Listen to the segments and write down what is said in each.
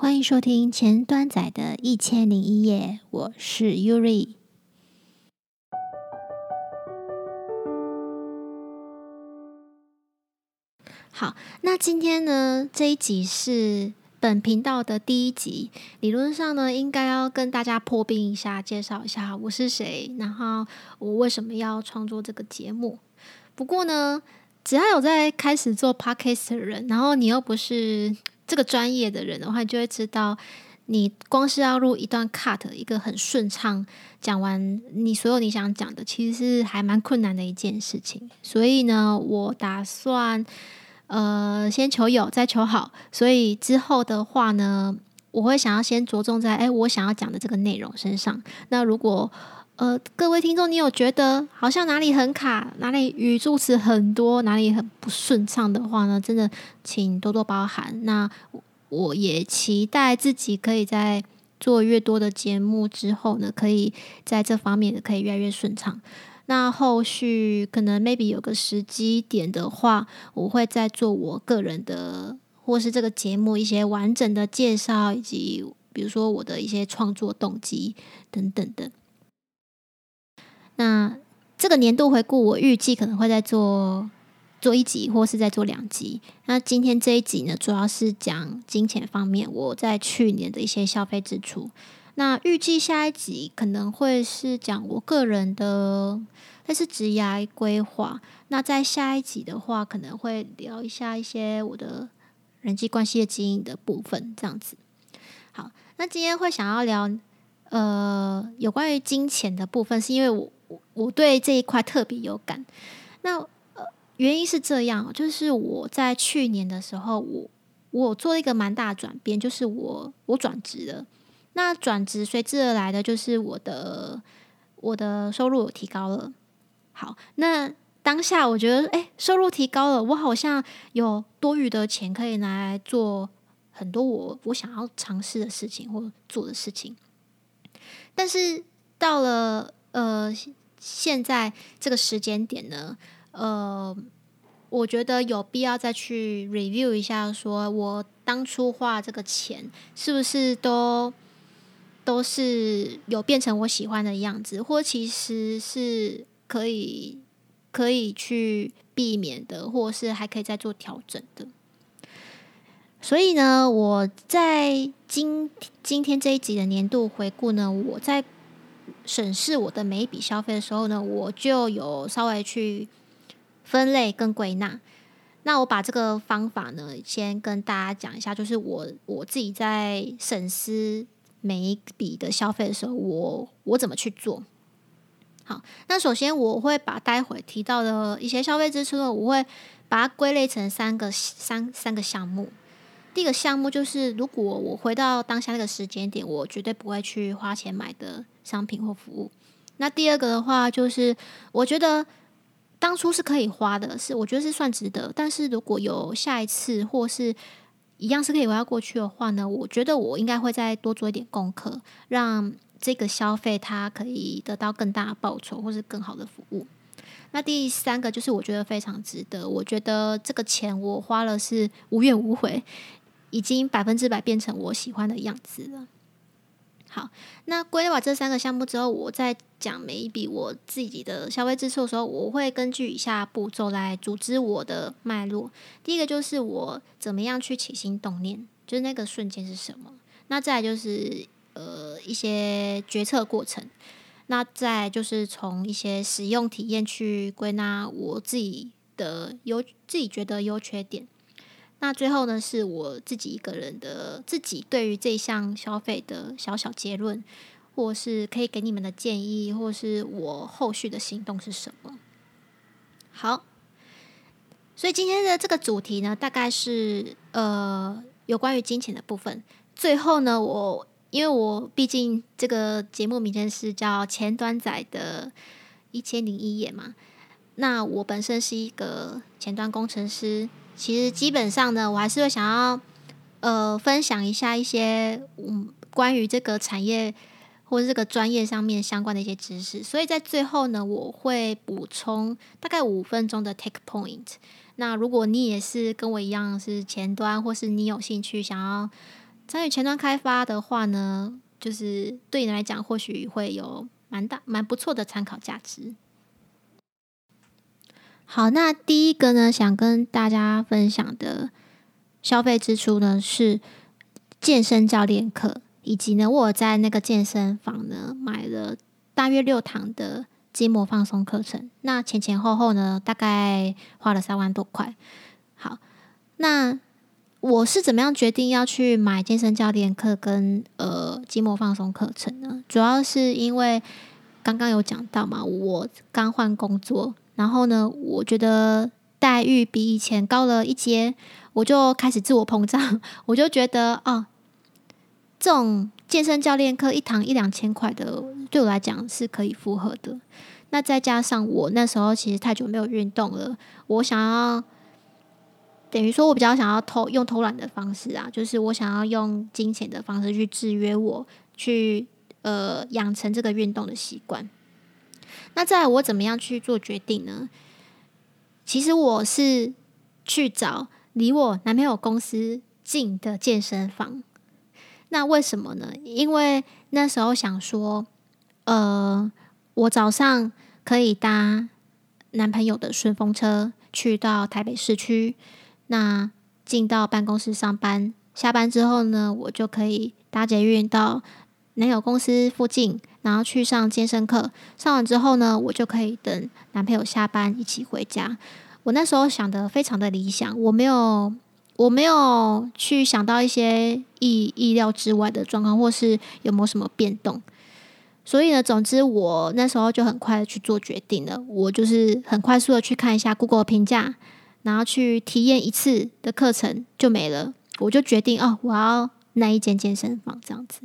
歡迎收聽前端仔的一千零一夜，我是 Yuri。好，那今天呢，這一集是本頻道的第一集，理論上呢，應該要跟大家破冰一下，介紹一下我是誰，然後我為什麼要創作這個節目。不過呢，只要有在開始做 Podcast 的人，然後你又不是。這個專業的人的話，就會知道，你光是要錄一段 cut，一個很順暢講完你所有你想講的，其實是還蠻困難的一件事情。所以呢，我打算呃先求有，再求好。所以之後的話呢，我會想要先着重在哎我想要講的這個內容身上。那如果呃，各位聽眾，你有覺得好像哪裡很卡，哪裡語助詞很多，哪裡很不順暢的話呢？真的，請多多包涵。那我也期待自己可以在做越多的節目之後呢，可以在這方面可以越來越順暢。那後續可能 maybe 有個時機點的話，我會再做我個人的或是這個節目一些完整的介紹，以及比如說我的一些創作動機等等的。那這個年度回顧，我預計可能會再做做一集，或是再做兩集。那今天這一集呢，主要是講金錢方面，我在去年的一些消費支出。那預計下一集可能會是講我個人的，但是職業規劃。那在下一集的話，可能會聊一下一些我的人際關係的經營的部分，這樣子。好，那今天會想要聊，呃，有關於金錢的部分，是因為我。我對這一塊特別有感，那呃，原因是這樣，就是我在去年的時候，我我做了一個蠻大的轉變，就是我我轉職了。那轉職隨之而來的就是我的我的收入有提高了。好，那當下我覺得，誒，收入提高了，我好像有多餘的錢可以拿來做很多我我想要嘗試的事情或做的事情。但是到了呃。現在這個時間點呢，呃，我覺得有必要再去 review 一下說，說我當初花這個錢是不是都都是有變成我喜歡的樣子，或其實是可以可以去避免的，或是還可以再做調整的。所以呢，我在今天今天這一集的年度回顧呢，我在。審視我的每一筆消費的時候呢，我就有稍微去分類跟歸納。那我把這個方法呢，先跟大家講一下，就是我我自己在審視每一筆的消費的時候，我我怎麼去做。好，那首先我會把待會提到的一些消費支出呢，我會把它歸類成三個三三個項目。第一個項目就是，如果我回到當下那個時間點，我絕對不會去花錢買的。商品或服務。那第二個的話，就是我覺得當初是可以花的，是我覺得是算值得。但是如果有下一次或是一樣是可以回到過去的話呢，我覺得我應該會再多做一點功課，讓這個消費它可以得到更大的報酬或是更好的服務。那第三個就是我覺得非常值得，我覺得這個錢我花了是無怨無悔，已經百分之百變成我喜歡的樣子了。好，那歸類完這三個項目之後，我在講每一筆我自己的消費支出的時候，我會根據以下步驟來組織我的脈絡。第一個就是我怎麼樣去起心動念，就是那個瞬間是什麼。那再就是呃一些決策過程。那再就是從一些使用體驗去歸納我自己的優，自己覺得優缺點。那最後呢，是我自己一個人的自己對於這項消費的小小結論，或是可以給你們的建議，或是我後續的行動是什麼。好，所以今天的這個主題呢，大概是呃有關於金錢的部分。最後呢，我因為我畢竟這個節目名稱是叫前端仔的《一千零一夜》嘛，那我本身是一個前端工程師。其實基本上呢，我還是會想要，呃，分享一下一些嗯關於這個產業或這個專業上面相關的一些知識。所以在最後呢，我會補充大概五分鐘的 tech point。那如果你也是跟我一樣是前端，或是你有興趣想要參與前端開發的話呢，就是對你來講或許會有蠻大蠻不錯的參考價值。好，那第一個呢，想跟大家分享的消費支出呢是健身教練課，以及呢，我在那個健身房呢買了大約六堂的筋膜放鬆課程。那前前後後呢，大概花了三萬多塊。好，那我是怎麼樣決定要去買健身教練課跟呃筋膜放鬆課程呢？主要是因為剛剛有講到嘛，我剛換工作。然後呢，我覺得待遇比以前高了一階，我就開始自我膨脹，我就覺得啊、哦，這種健身教練課一堂一兩千塊的，對我來講是可以負荷的。那再加上我那時候其實太久沒有運動了，我想要，等於說，我比較想要偷用偷懶的方式啊，就是我想要用金錢的方式去制約我，去呃養成這個運動的習慣。那再來我怎麼樣去做決定呢？其實我是去找離我男朋友公司近的健身房。那為什麼呢？因為那時候想說，呃，我早上可以搭男朋友的順風車去到台北市區，那進到辦公室上班。下班之後呢，我就可以搭捷運到男友公司附近。然後去上健身課，上完之後呢，我就可以等男朋友下班一起回家。我那時候想得非常的理想，我沒有，我沒有去想到一些意意料之外的狀況，或是有沒有什麼變動。所以呢，總之我那時候就很快去做決定了。我就是很快速的去看一下 Google 評價，然後去體驗一次的課程就沒了。我就決定哦，我要那一間健身房這樣子。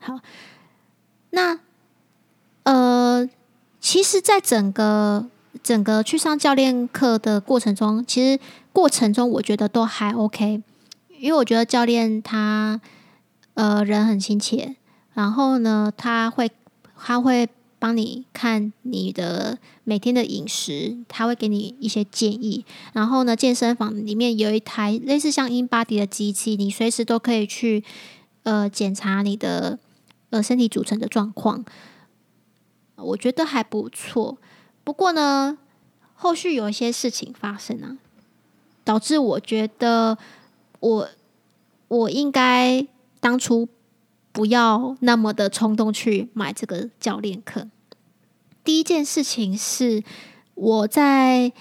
好。那，呃，其實，在整個整個去上教練課的過程中，其實過程中我覺得都還 OK，因為我覺得教練他，呃，人很親切，然後呢，他會他會幫你看你的每天的飲食，他會給你一些建議，然後呢，健身房裡面有一台類似像 InBody 的機器，你隨時都可以去呃檢查你的。呃，身體組成的狀況，我覺得還不錯。不過呢，後續有一些事情發生啊，導致我覺得我我應該當初不要那麼的衝動去買這個教練課。第一件事情是我在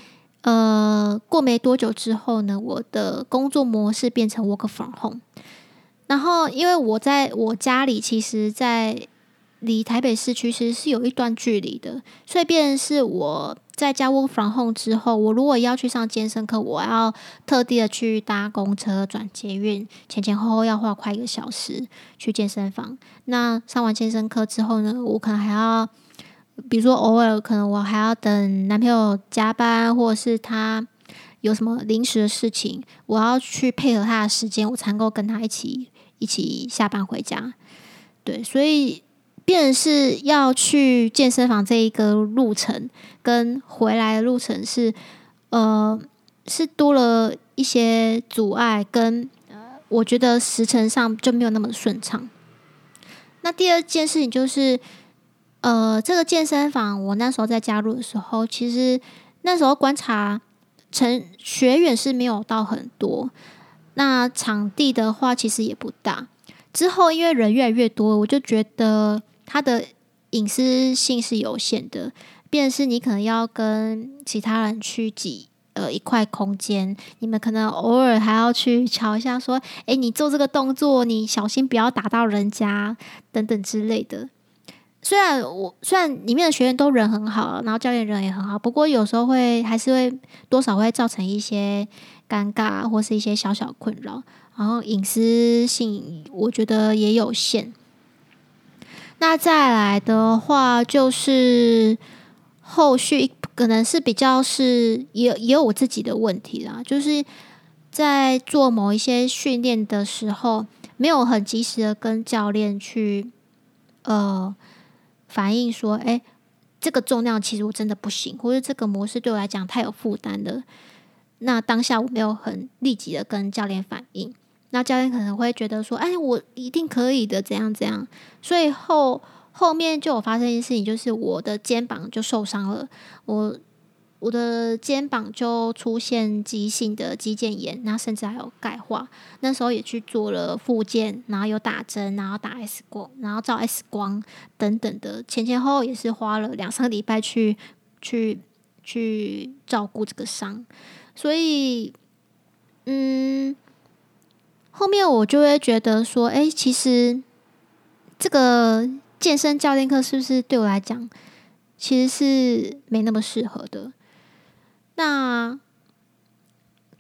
呃過沒多久之後呢，我的工作模式變成 work from home。然後，因為我在我家裡，其實，在離台北市區其實是有一段距離的，所以便是我在家 work from home 之後，我如果要去上健身課，我要特地的去搭公車轉捷運，前前後後要花快一個小時去健身房。那上完健身課之後呢，我可能還要，比如說偶爾可能我還要等男朋友加班，或者是他有什麼臨時的事情，我要去配合他的時間，我才能夠跟他一起。一起下班回家，對，所以變成是要去健身房這一個路程跟回來的路程是，呃，是多了一些阻礙，跟我覺得時程上就沒有那麼順暢。那第二件事情就是，呃，這個健身房我那時候在加入的時候，其實那時候觀察成學員是沒有到很多。那場地的話，其實也不大。之後因為人越來越多，我就覺得它的隱私性是有限的，便是你可能要跟其他人去擠呃一塊空間，你們可能偶爾還要去喬一下，說：“哎、欸，你做這個動作，你小心不要打到人家等等之類的。”雖然我雖然裡面的學員都人很好，然後教練人也很好，不過有時候會還是會多少會造成一些。尷尬或是一些小小困擾，然後隱私性我覺得也有限。那再來的話，就是後續可能是比較是也也有我自己的問題啦，就是在做某一些訓練的時候，沒有很及時的跟教練去呃反映說，哎，這個重量其實我真的不行，或者這個模式對我來講太有負擔了。那當下我沒有很立即的跟教練反映，那教練可能會覺得說：“哎、欸，我一定可以的，怎樣怎樣。”所以後後面就有發生一件事情，就是我的肩膀就受傷了，我我的肩膀就出現急性的肌腱炎，那甚至還有鈣化。那時候也去做了復健，然後有打針，然後打 X 光，然後照 X 光等等的，前前後後也是花了兩三個禮拜去去去照顧這個傷。所以，嗯，後面我就會覺得說，欸，其實這個健身教練課是不是對我來講，其實是沒那麼適合的。那。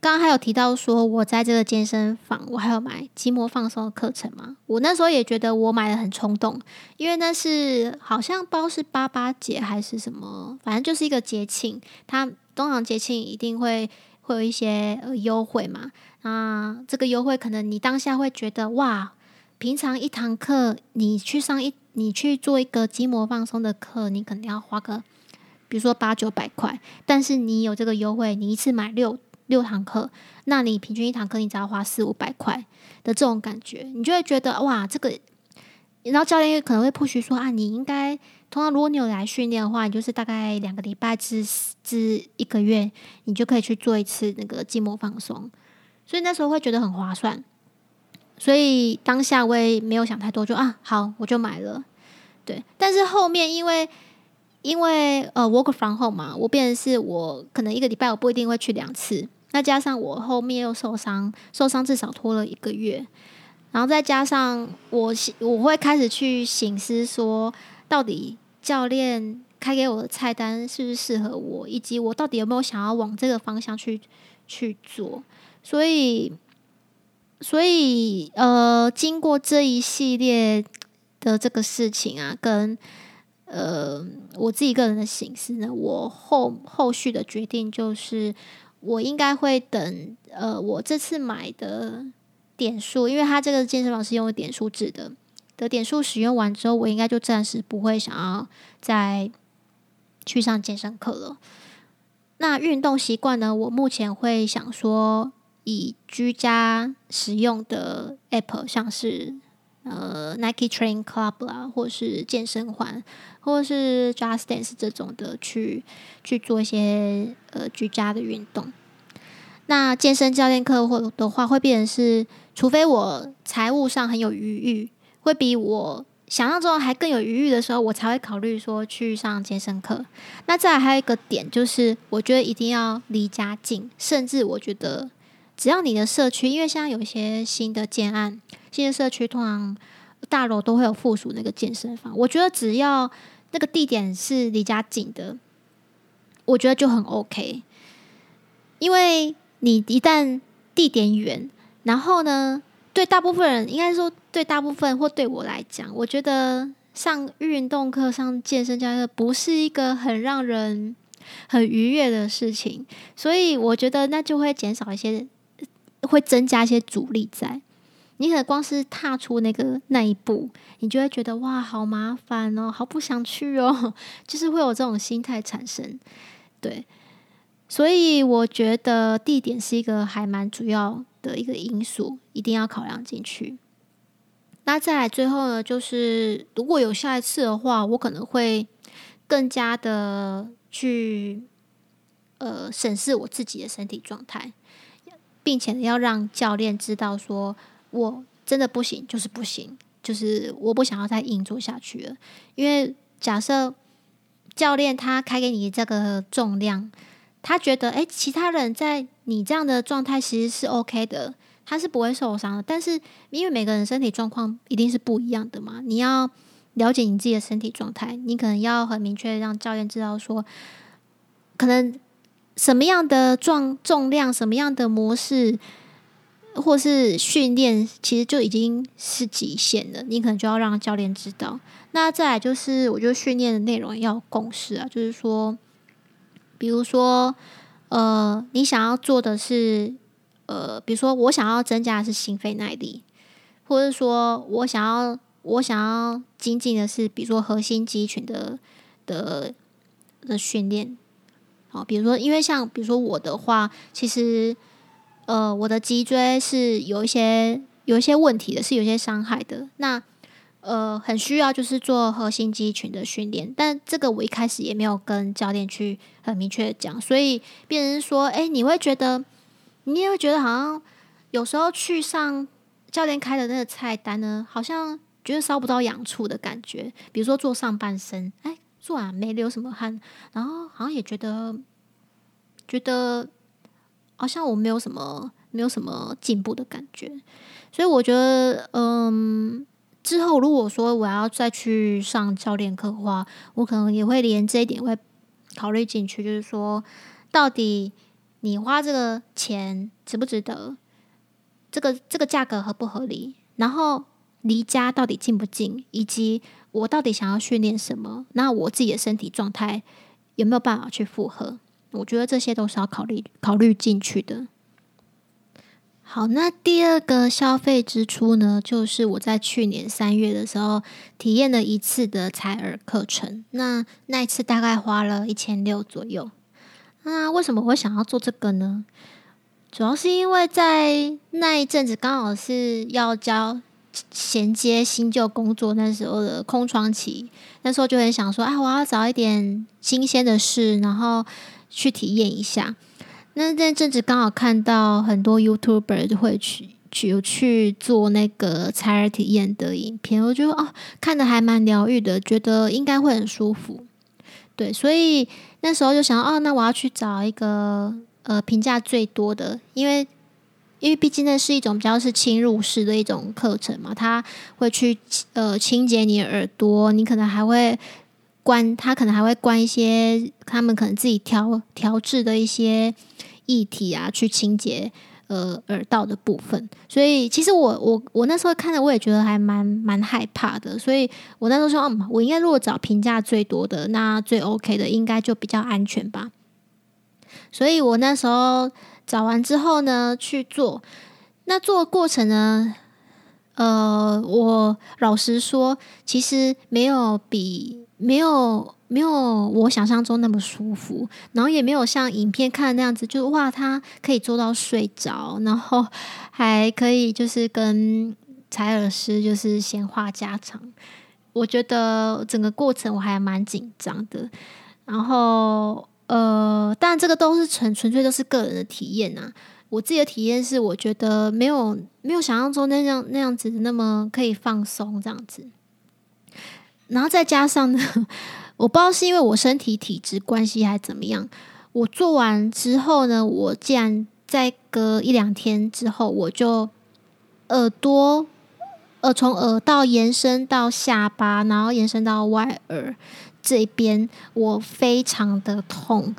剛剛還有提到說，我在這個健身房，我還有買筋膜放鬆的課程嗎？我那時候也覺得我買的很衝動，因為那是好像包是八八節還是什麼，反正就是一個節慶，它通常節慶一定會會有一些呃優惠嘛。那，這個優惠可能你當下會覺得哇，平常一堂課你去上一你去做一個筋膜放鬆的課，你可能要花個，比如說八九百塊，但是你有這個優惠，你一次買六。六堂課，那你平均一堂課你只要花四五百塊的這種感覺，你就會覺得哇，這個，然後教練又可能會 push 說啊，你應該通常如果你有來訓練的話，你就是大概兩個禮拜之之一個月，你就可以去做一次那個筋膜放鬆，所以那時候會覺得很划算，所以當下我也沒有想太多，就啊，好，我就買了，對，但是後面因為因為呃 work from home 嘛、啊，我變成是我可能一個禮拜我不一定會去兩次。再加上我後面又受傷，受傷至少拖了一個月，然後再加上我，我會開始去省思說，說到底教練開給我的菜單是不是適合我，以及我到底有沒有想要往這個方向去去做。所以，所以呃，經過這一系列的這個事情啊，跟呃我自己個人的省思呢，我後後續的決定就是。我應該會等，呃，我這次買的點數，因為它這個健身房是用點數制的，等點數使用完之後，我應該就暫時不會想要再去上健身課了。那運動習慣呢？我目前會想說以居家使用的 app，像是。呃，Nike Training Club 啦，啊，或是健身環，或是 Just Dance 這種的，去去做一些呃居家的運動。那健身教練課或的話，會變成是，除非我財務上很有餘裕，會比我想象中還更有餘裕的時候，我才會考慮說去上健身課。那再來還有一個點，就是我覺得一定要離家近，甚至我覺得只要你的社區，因為現在有一些新的建案。這些社區通常大樓都會有附屬那個健身房，我覺得只要那個地點是離家近的，我覺得就很 OK。因為你一旦地點遠，然後呢，對大部分人應該說對大部分或對我來講，我覺得上運動課、上健身教練課不是一個很讓人很愉悅的事情，所以我覺得那就會減少一些，會增加一些阻力在。你可能光是踏出那個那一步，你就會覺得哇，好麻煩哦，好不想去哦，就是會有這種心態產生。對，所以我覺得地點是一個還蠻主要的一個因素，一定要考量進去。那再來最後呢，就是如果有下一次的話，我可能會更加的去呃審視我自己的身體狀態，並且要讓教練知道說。我真的不行，就是不行，就是我不想要再硬做下去了。因為假設教練他開給你這個重量，他覺得誒，其他人在你這樣的狀態其實是 OK 的，他是不會受傷的。但是因為每個人身體狀況一定是不一樣的嘛，你要了解你自己的身體狀態，你可能要很明確讓教練知道說，可能什麼樣的狀重量，什麼樣的模式。或是訓練其實就已經是極限了，你可能就要讓教練知道。那再來就是，我覺得訓練的內容要有共識啊，就是說，比如說，呃，你想要做的是，呃，比如說我想要增加的是心肺耐力，或者是說我想要我想要增進的是，比如說核心肌群的的的訓練。啊，比如說，因為像比如說我的話，其實。呃，我的脊椎是有一些有一些問題的，是有一些傷害的。那呃，很需要就是做核心肌群的訓練，但這個我一開始也沒有跟教練去很明確講，所以變成說，哎、欸，你會覺得，你也會覺得好像有時候去上教練開的那個菜單呢，好像覺得搔不到癢處的感覺。比如說做上半身，哎、欸，做完沒流什麼汗，然後好像也覺得覺得。好像我沒有什麼，沒有什麼進步的感覺，所以我覺得，嗯，之後如果說我要再去上教練課的話，我可能也會連這一點會考慮進去，就是說，到底你花這個錢值不值得？這個這個價格合不合理？然後離家到底近不近？以及我到底想要訓練什麼？那我自己的身體狀態有沒有辦法去負荷？我覺得這些都是要考慮考慮進去的。好，那第二個消費支出呢，就是我在去年三月的時候體驗了一次的採耳課程。那那一次大概花了一千六左右。那為什麼我會想要做這個呢？主要是因為在那一陣子剛好是要交銜接新舊工作，那時候的空窗期，那時候就很想說，啊、哎，我要找一點新鮮的事，然後。去體驗一下。那那陣子剛好看到很多 YouTuber 會去去有去做那個採耳體驗的影片，我就哦，看得還蠻療癒的，覺得應該會很舒服。對，所以那時候就想，哦，那我要去找一個呃評價最多的，因為因為畢竟那是一種比較是侵入式的一種課程嘛，它會去呃清潔你耳朵，你可能還會。關，他可能還會關一些他們可能自己調調製的一些液體啊，去清潔呃耳道的部分。所以其實我我我那時候看了，我也覺得還蠻蠻害怕的。所以我那時候說，啊，我應該如果找評價最多的，那最 OK 的應該就比較安全吧。所以我那時候找完之後呢，去做那做過程呢，呃，我老實說，其實沒有比。沒有沒有我想象中那麼舒服，然後也沒有像影片看的那樣子，就是哇，他可以做到睡着，然後還可以就是跟採兒師就是閒話家常。我覺得整個過程我還蠻緊張的，然後呃，但這個都是純純粹都是個人的體驗吶、啊。我自己的體驗是，我覺得沒有沒有想象中那樣那樣子那麼可以放鬆這樣子。然後再加上呢，我不知道是因為我身體體質關係還怎麼樣，我做完之後呢，我竟然再隔一兩天之後，我就耳朵，呃，從耳道延伸到下巴，然後延伸到外耳這邊，我非常的痛，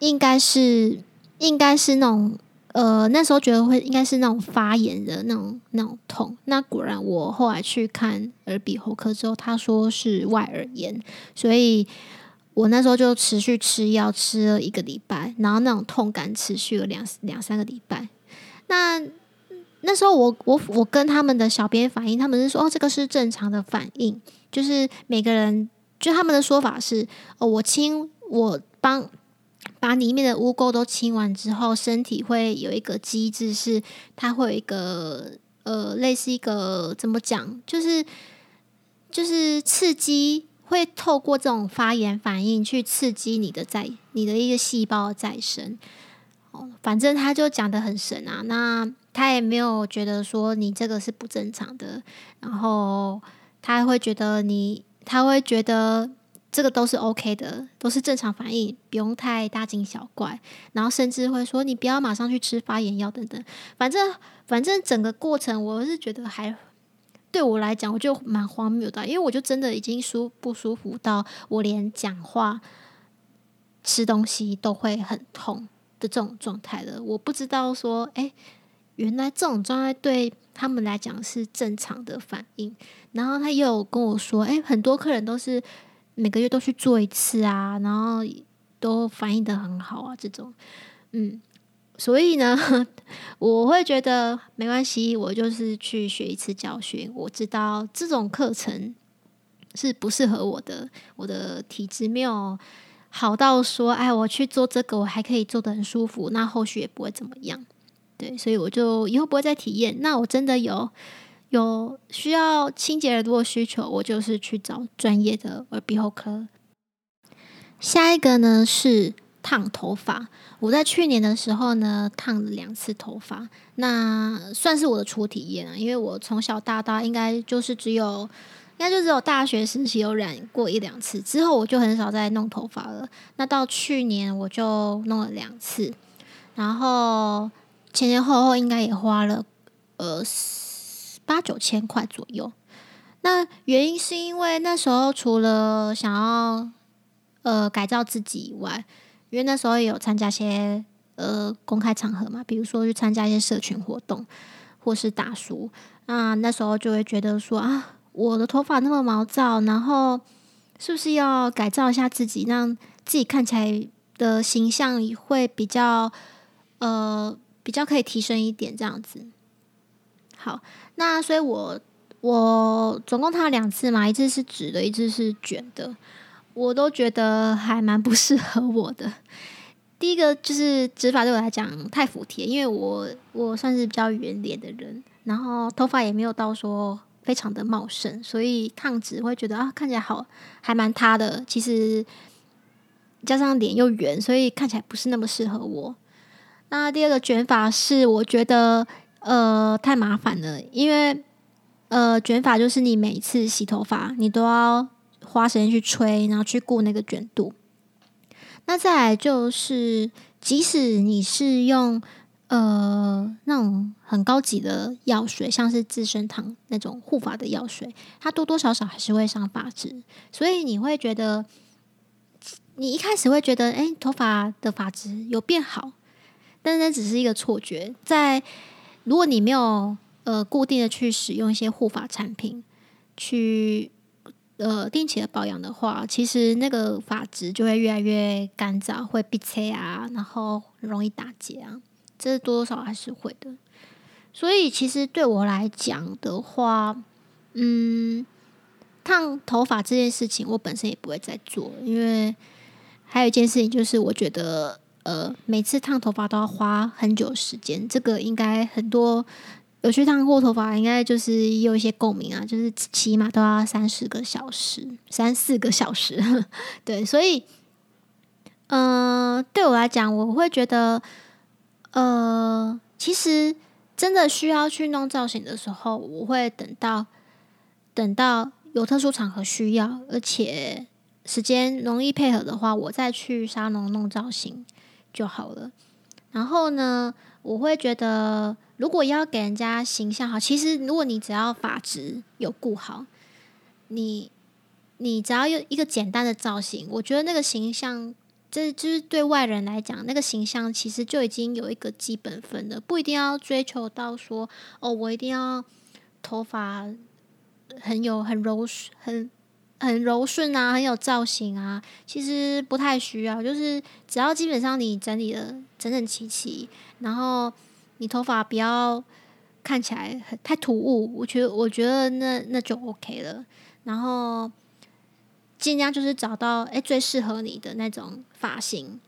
應該是應該是那種。呃，那時候覺得會應該是那種發炎的那種那種痛。那果然，我後來去看耳鼻喉科之後，他說是外耳炎，所以我那時候就持續吃藥，吃了一個禮拜，然後那種痛感持續了兩兩三個禮拜。那那時候我我我跟他們的小編反應，他們是說哦，這個是正常的反應，就是每個人就他們的說法是哦，我親我幫。把裡面的污垢都清完之後，身體會有一個機制是，是它會有一個呃，類似一個怎麼講，就是就是刺激，會透過這種發炎反應去刺激你的再，你的一個細胞再生。哦，反正他就講得很神啊，那他也沒有覺得說你這個是不正常的，然後他會覺得你，他會覺得。這個都是 OK 的，都是正常反應，不用太大驚小怪。然後甚至會說你不要馬上去吃發炎藥等等。反正反正整個過程我是覺得還對我來講，我就蠻荒謬的，因為我就真的已經舒不舒服到我連講話、吃東西都會很痛的這種狀態了。我不知道說，哎，原來這種狀態對他們來講是正常的反應。然後他又有跟我說，哎，很多客人都是。每個月都去做一次啊，然後都反應得很好啊，這種，嗯，所以呢，我會覺得沒關係，我就是去學一次教訓，我知道這種課程是不適合我的，我的體質沒有好到說，哎，我去做這個，我還可以做得很舒服，那後續也不會怎麼樣，對，所以我就以後不會再體驗，那我真的有。有需要清潔耳朵的需求，我就是去找專業的耳鼻喉科。下一個呢是燙頭髮，我在去年的時候呢燙了兩次頭髮，那算是我的初體驗啊，因為我從小到大應該就是只有，應該就只有大學時期有染過一兩次，之後我就很少再弄頭髮了。那到去年我就弄了兩次，然後前前後後應該也花了呃。八九千塊左右，那原因是因為那時候除了想要呃改造自己以外，因為那時候也有參加些呃公開場合嘛，比如說去參加一些社群活動或是打書，那、啊、那時候就會覺得說啊，我的頭髮那麼毛躁，然後是不是要改造一下自己，讓自己看起來的形象也會比較呃比較可以提升一點這樣子，好。那所以我，我我總共燙了兩次嘛，一次是直的，一次是捲的。我都覺得還蠻不適合我的。第一個就是直髮對我來講太服帖因為我我算是比較圓臉的人，然後頭髮也沒有到說非常的茂盛，所以燙直會覺得啊，看起來好還蠻塌的。其實加上臉又圓，所以看起來不是那麼適合我。那第二個捲髮是我覺得。呃，太麻煩了，因為呃，捲髮就是你每一次洗頭髮，你都要花時間去吹，然後去過那個捲度。那再來就是，即使你是用呃那種很高級的藥水，像是資生堂那種護髮的藥水，它多多少少還是會傷髮質，所以你會覺得，你一開始會覺得，哎、欸，頭髮的髮質有變好，但是那只是一個錯覺，在。如果你沒有呃固定的去使用一些護髮產品，去呃定期的保養的話，其實那個髮質就會越來越乾燥，會閉切啊，然後容易打結啊，這多多少少還是會的。所以其實對我來講的話，嗯，燙頭髮這件事情我本身也不會再做，因為還有一件事情就是我覺得。呃，每次燙頭髮都要花很久時間，這個應該很多有去燙過頭髮，應該就是有一些共鳴啊。就是起碼都要三十個小時，三四個小時。呵呵，對，所以，嗯、呃，對我來講，我會覺得，呃，其實真的需要去弄造型的時候，我會等到等到有特殊場合需要，而且時間容易配合的話，我再去沙龍弄造型。就好了，然後呢，我會覺得，如果要給人家形象好，其實如果你只要髮質有顧好，你你只要有一個簡單的造型，我覺得那個形象，這、就是、就是對外人來講，那個形象其實就已經有一個基本分了，不一定要追求到說，哦，我一定要頭髮很有很柔順很。很柔順啊，很有造型啊，其實不太需要，就是只要基本上你整理得整整齊齊，然後你頭髮不要看起來很太突兀，我覺得我覺得那那就 OK 了，然後盡量就是找到哎、欸、最適合你的那種髮型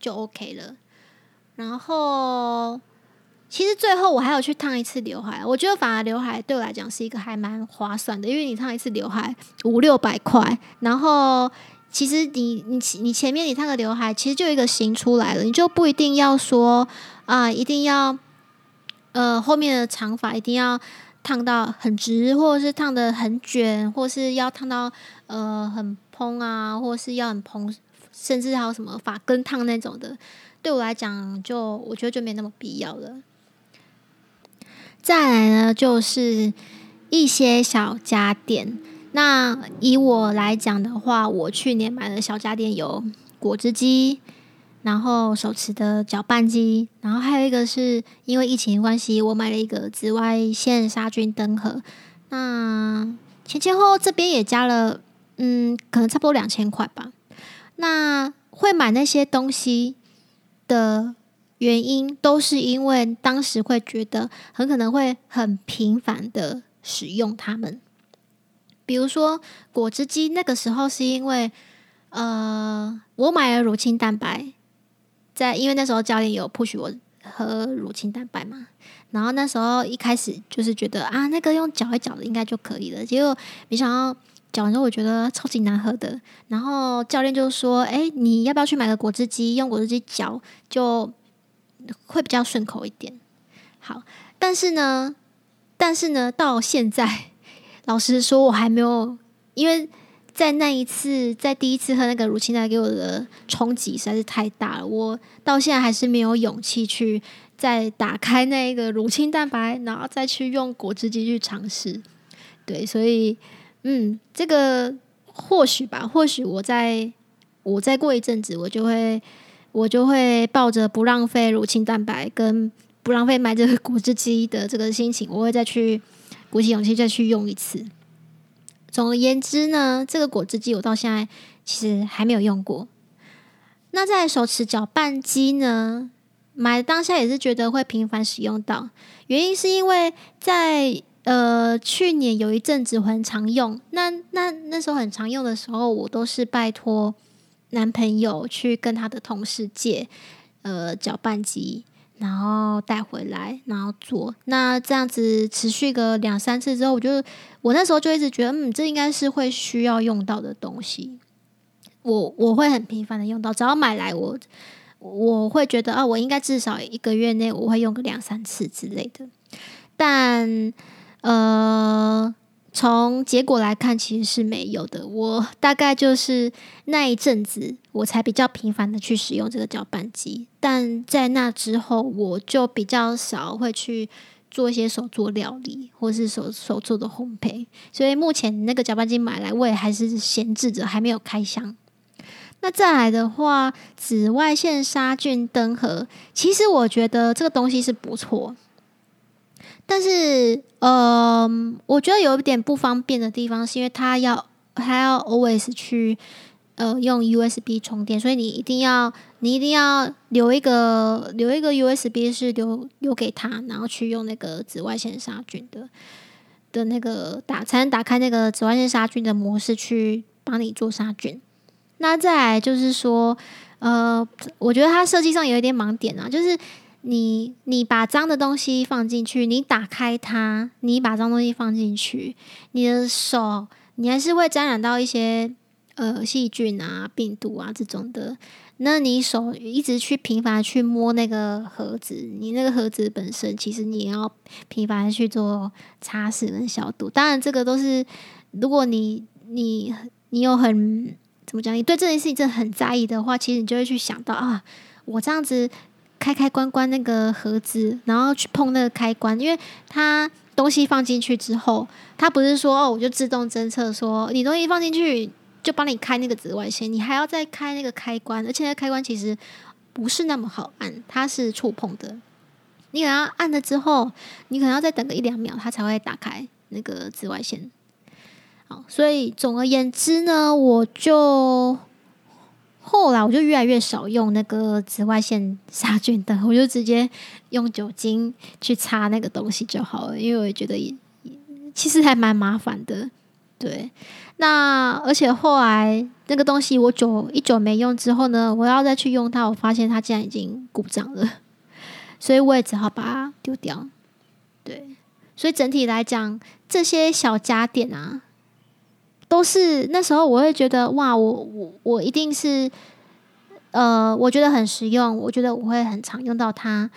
就 OK 了，然後。其實最後我還有去燙一次劉海，我覺得反而劉海對我來講是一個還蠻划算的，因為你燙一次劉海五六百塊，然後其實你你你前面你燙個劉海，其實就一個型出來了，你就不一定要說啊、呃，一定要呃後面的長髮一定要燙到很直，或者是燙得很卷，或是要燙到呃很蓬啊，或是要很蓬，甚至還有什麼髮根燙那種的，對我來講就我覺得就沒那麼必要了。再來呢，就是一些小家電。那以我來講的話，我去年買的小家電有果汁機，然後手持的攪拌機，然後還有一個是因為疫情關係，我買了一個紫外線殺菌燈盒。那前前後後這邊也加了，嗯，可能差不多兩千塊吧。那會買那些東西的。原因都是因為當時會覺得很可能會很頻繁的使用它們，比如說果汁機。那個時候是因為，呃，我買了乳清蛋白，在因為那時候教練有 push 我喝乳清蛋白嘛。然後那時候一開始就是覺得啊，那個用攪一攪的應該就可以了。結果沒想到攪完之後我覺得超級難喝的。然後教練就說，誒，你要不要去買個果汁機？用果汁機攪就會比較順口一點，好，但是呢，但是呢，到現在，老實說，我還沒有，因為在那一次，在第一次喝那個乳清奶，給我的衝擊實在是太大了，我到現在還是沒有勇氣去再打開那個乳清蛋白，然後再去用果汁機去嘗試，對，所以，嗯，這個或許吧，或許我再，我再過一陣子，我就會。我就會抱着不浪費乳清蛋白跟不浪費買這個果汁機的這個心情，我會再去鼓起勇氣再去用一次。總而言之呢，這個果汁機我到現在其實還沒有用過。那在手持攪拌機呢，買的當下也是覺得會頻繁使用到，原因是因為在呃去年有一陣子很常用，那那那時候很常用的時候，我都是拜托。男朋友去跟他的同事借，呃，攪拌機，然後帶回來，然後做。那這樣子持續個兩三次之後，我就我那時候就一直覺得，嗯，這應該是會需要用到的東西。我我會很頻繁的用到，只要買來我，我我會覺得啊，我應該至少一個月內我會用個兩三次之類的。但呃。從結果來看，其實是沒有的。我大概就是那一陣子，我才比較頻繁的去使用這個攪拌機，但在那之後，我就比較少會去做一些手做料理，或是手手做的烘焙。所以目前那個攪拌機買來，我也還是閒置着，還沒有開箱。那再來的話，紫外線殺菌燈盒，其實我覺得這個東西是不錯。但是，嗯、呃，我覺得有一點不方便的地方，是因為它要它要 always 去，呃，用 USB 充電，所以你一定要你一定要留一個留一個 USB 是留留給他，然後去用那個紫外線殺菌的的那個打才能打開那個紫外線殺菌的模式去幫你做殺菌。那再來就是說，呃，我覺得它設計上有一點盲點啊，就是。你你把髒的東西放進去，你打開它，你把髒東西放進去，你的手你還是會沾染到一些呃細菌啊、病毒啊這種的。那你手一直去頻繁去摸那個盒子，你那個盒子本身其實你也要頻繁去做擦拭跟消毒。當然，這個都是如果你你你有很怎麼講，你對這件事情真的很在意的話，其實你就會去想到啊，我這樣子。開開關關那個盒子，然後去碰那個開關，因為它東西放進去之後，它不是說哦，我就自動偵測說你東西放進去就幫你開那個紫外線，你還要再開那個開關，而且那開關其實不是那麼好按，它是觸碰的。你可能要按了之後，你可能要再等個一兩秒，它才會打開那個紫外線。好，所以總而言之呢，我就。後來我就越來越少用那個紫外線殺菌燈，我就直接用酒精去擦那個東西就好了，因為我也覺得也也其實還蠻麻煩的。對，那而且後來那個東西我久一久沒用之後呢，我要再去用它，我發現它竟然已經故障了，所以我也只好把它丟掉。對，所以整體來講，這些小家電啊。都是那時候，我會覺得哇，我我我一定是，呃，我覺得很實用，我覺得我會很常用到它。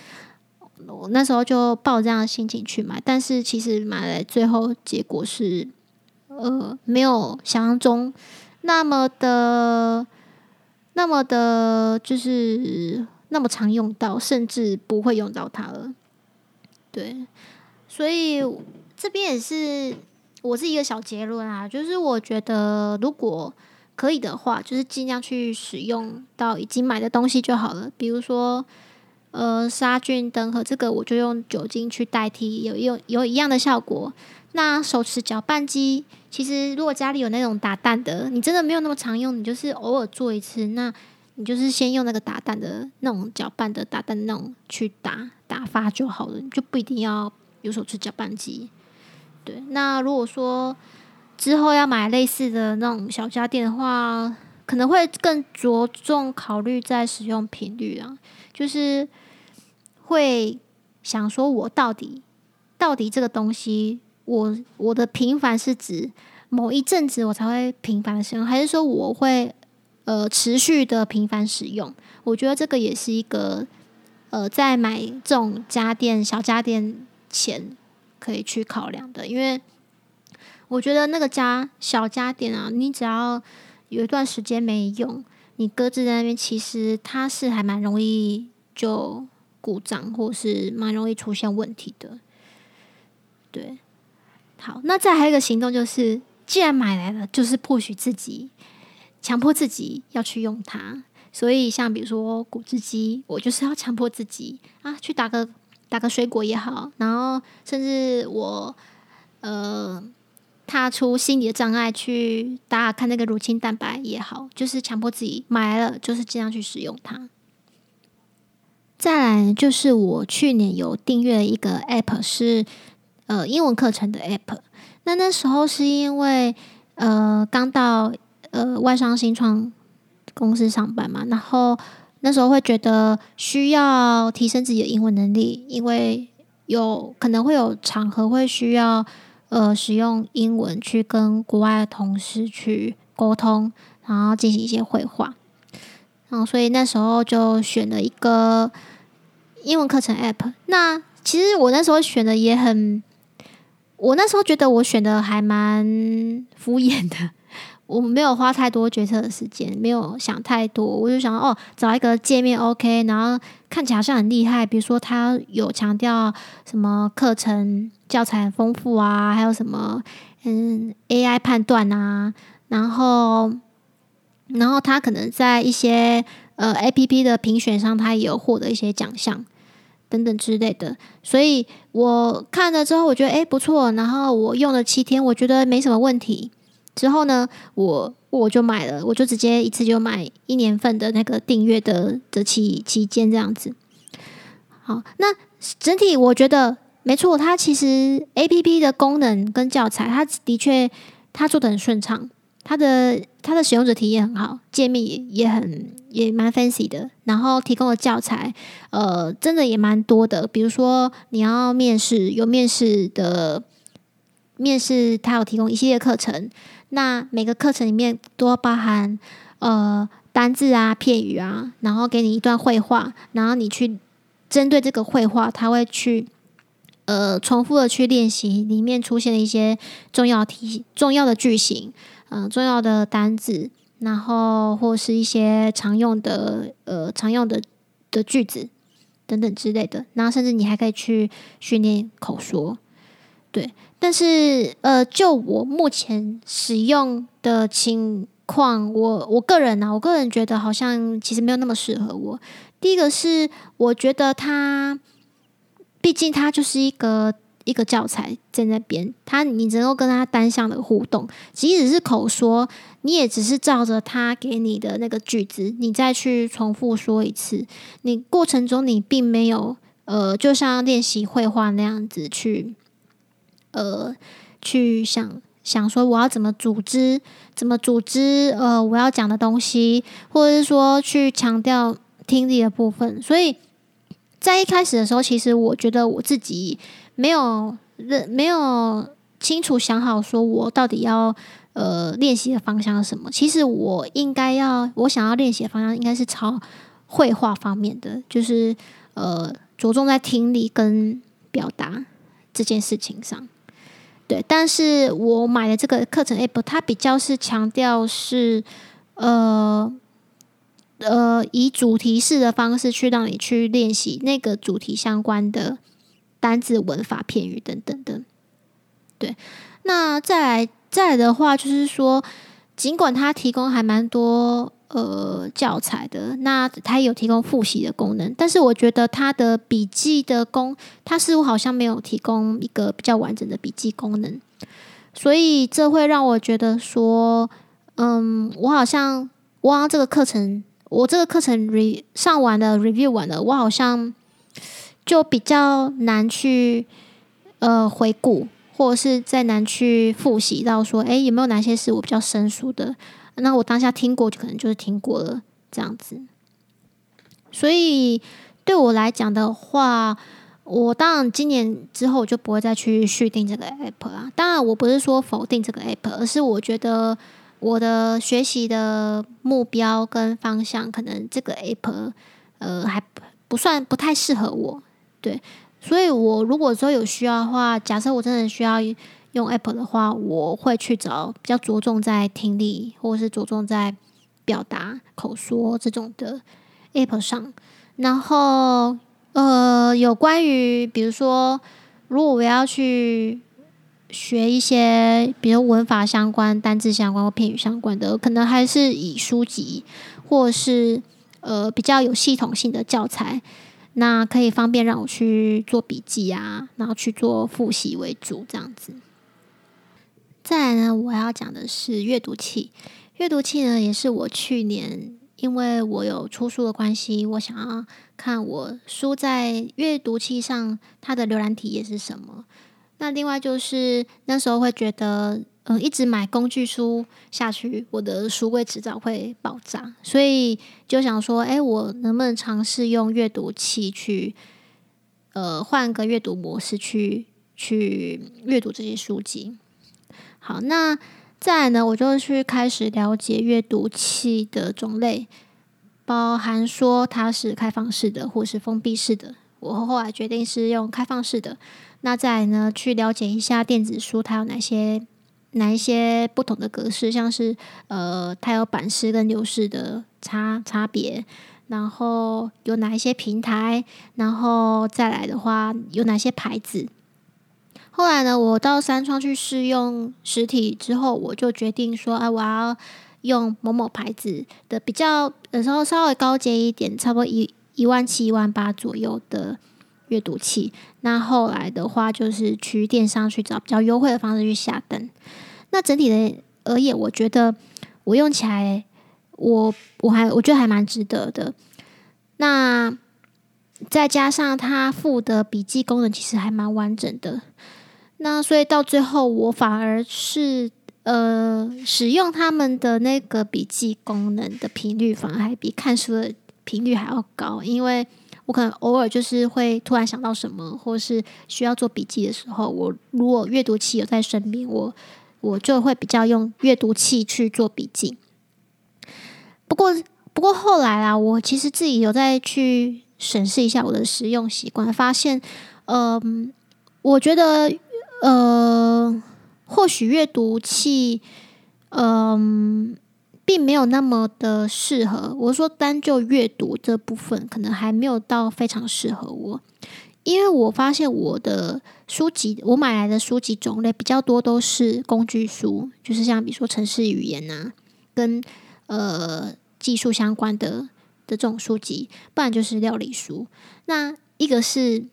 我那時候就抱這樣的心情去買，但是其實買來最後結果是，呃，沒有想象中那麼的，那麼的，就是那麼常用到，甚至不會用到它了。對，所以這邊也是。我是一個小結論啊，就是我覺得如果可以的話，就是盡量去使用到已經買的東西就好了。比如說，呃，殺菌燈和這個，我就用酒精去代替，有有有一樣的效果。那手持攪拌機，其實如果家裡有那種打蛋的，你真的沒有那麼常用，你就是偶爾做一次，那你就是先用那個打蛋的那種攪拌的打蛋那種去打打發就好了，你就不一定要有手持攪拌機。對，那如果說之後要買類似的那種小家電的話，可能會更着重考慮在使用頻率啊，就是會想說我到底到底這個東西，我我的頻繁是指某一陣子我才會頻繁使用，還是說我會呃持續的頻繁使用？我覺得這個也是一個呃，在買這種家電，小家電前，可以去考量的，因為我覺得那個家小家電啊，你只要有一段時間沒用，你擱置在那邊，其實它是還蠻容易就故障，或是蠻容易出現問題的。對，好，那再還有一個行動就是，既然買來了，就是迫使自己，強迫自己要去用它。所以，像比如說果汁機，我就是要強迫自己啊，去打個。打個水果也好，然後甚至我呃踏出心理的障礙去打打看那個乳清蛋白也好，就是強迫自己買了，就是盡量去使用它。再來就是我去年有訂閱了一個 app，是呃英文課程的 app。那那時候是因為呃剛到呃外商新創公司上班嘛，然後。那時候會覺得需要提升自己的英文能力，因為有可能會有場合會需要呃使用英文去跟國外的同事去溝通，然後進行一些會話。然後，嗯，，所以那時候就選了一個英文課程 App 那。那其實我那時候選的也很，我那時候覺得我選的還蠻敷衍的。我沒有花太多決策的時間，沒有想太多，我就想哦，找一個界面 OK，然後看起來好像很厲害，比如說他有強調什麼課程教材很豐富啊，還有什麼嗯 AI 判斷啊，然後然後他可能在一些呃 APP 的評選上，他也有獲得一些獎項等等之類的，所以我看了之後，我覺得誒不錯，然後我用了七天，我覺得沒什麼問題。之後呢，我我就買了，我就直接一次就買一年份的那個訂閱的這期期間這樣子。好，那整體我覺得沒錯，它其實 APP 的功能跟教材，它的確它做得很順暢，它的它的使用者體驗很好，界面也很也蠻 fancy 的，然後提供的教材呃真的也蠻多的，比如說你要面試有面試的。面試它有提供一系列課程，那每個課程裡面都包含呃單字啊、片語啊，然後給你一段會話，然後你去針對這個會話，它會去呃重複的去練習裡面出現的一些重要題、重要的句型，嗯、呃，重要的單字，然後或是一些常用的呃常用的的句子等等之類的，然後甚至你還可以去訓練口說，對。但是，呃，就我目前使用的情況，我我個人啊，我個人覺得好像其實沒有那麼適合我。第一個是，我覺得他畢竟他就是一個一個教材在那邊，他你只能夠跟他單向的互動，即使是口說，你也只是照着他給你的那個句子，你再去重複說一次，你過程中你並沒有呃，就像練習會話那樣子去。呃，去想想說我要怎麼組織，怎麼組織呃我要講的東西，或者是說去強調聽力的部分。所以，在一開始的時候，其實我覺得我自己沒有認沒有清楚想好，說我到底要呃練習的方向是什麼。其實我應該要我想要練習的方向，應該是朝會話方面的，就是呃着重在聽力跟表達這件事情上。對，但是我買的這個課程 App，它比較是強調是，呃，呃，以主題式的方式去讓你去練習那個主題相關的單字、文法、片語等等的。對，那再來再來的話，就是說，儘管它提供還蠻多。呃，教材，的那它有提供複習的功能，但是我覺得它的筆記的功，它似乎好像沒有提供一個比較完整的筆記功能，所以這會讓我覺得說，嗯，我好像我好像這個課程，我這個課程 re 上完了，review 完了，我好像就比較難去呃回顧，或者是再難去複習到說，哎，有沒有哪些是我比較生疏的？那我當下聽過就可能就是聽過了這樣子，所以對我來講的話，我當然今年之後我就不會再去續訂這個 app 啊。當然我不是說否定這個 app，而是我覺得我的學習的目標跟方向可能這個 app 呃還不算不太適合我，對。所以我如果說有需要的話，假設我真的需要。用 App 的話，我會去找比較着重在聽力，或者是着重在表達口說這種的 App 上。然後，呃，有關於比如說，如果我要去學一些，比如文法相關、單字相關或片語相關的，可能還是以書籍或是呃比較有系統性的教材，那可以方便讓我去做筆記啊，然後去做複習為主，這樣子。再來呢，我要講的是閱讀器。閱讀器呢，也是我去年因為我有出書的關係，我想要看我書在閱讀器上它的瀏覽體驗是什麼。那另外就是那時候會覺得，嗯、呃，一直買工具書下去，我的書櫃遲早會爆炸，所以就想說，哎，我能不能嘗試用閱讀器去，呃，換個閱讀模式去去閱讀這些書籍。好，那再來呢，我就去開始了解閱讀器的種類，包含說它是開放式的，或是封閉式的。我後來決定是用開放式的。那再來呢，去了解一下電子書它有哪些哪一些不同的格式，像是呃，它有版式跟流式的差差別，然後有哪一些平台，然後再來的話有哪些牌子。後來呢，我到三創去試用實體之後，我就決定說，哎、啊，我要用某某牌子的比較，有時候稍微高階一點，差不多一一萬七、一萬八左右的閱讀器。那後來的話，就是去電商去找比較優惠的方式去下單。那整體的而言，我覺得我用起來，我我還我覺得還蠻值得的。那再加上它附的筆記功能，其實還蠻完整的。那所以到最後，我反而是呃使用他們的那個筆記功能的頻率，反而還比看書的頻率還要高。因為我可能偶爾就是會突然想到什麼，或是需要做筆記的時候，我如果閱讀器有在身邊，我我就會比較用閱讀器去做筆記。不過，不過後來啊，我其實自己有再去審視一下我的使用習慣，發現，嗯、呃，我覺得。呃，或許閱讀器，嗯、呃，並沒有那麼的適合。我說單就閱讀這部分，可能還沒有到非常適合我，因為我發現我的書籍，我買來的書籍種類比較多，都是工具書，就是像比如說程式語言吶、啊，跟呃技術相關的的這種書籍，不然就是料理書。那一個是。